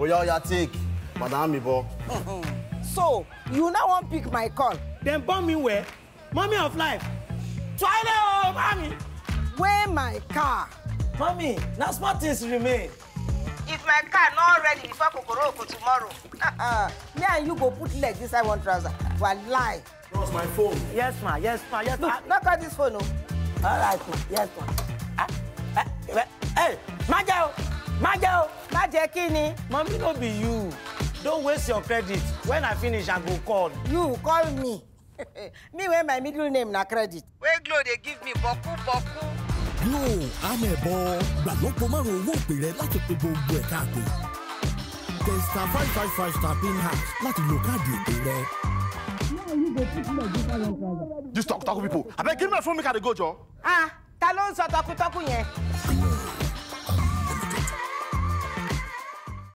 oya oya take madam mi so you now wan pick my call. Then bomb me where? Mommy of life toilet o mommy. Where my car. Mommy, now small things remain. if my car not ready before kokoro oko tomorrow. Uh -uh. me and you go put leg this inside one trouser lie? That's my phone. Yes, ma. Yes, ma. Yes, ma. Look, knock out this phone, no. Oh. All right, ma. Yes, ma. Ah, ah, hey, Majo, Majo, jẹ kí ni. mami no be you don't waste your credit when i finish i go call. you call me me wey my middle name na credit. wey glo dey give me boku boku. glo amẹ̀bọ gbàlọ́pọ̀ márùn-ún owó òpè rẹ láti pe gbogbo ẹ̀ka àpè testa five five five star pin hash láti lo káàdì ètò rẹ. dis talk talk people abeg give me my phone make i dey go jọ. ah ta ló ń sọ tọkutọku yẹn.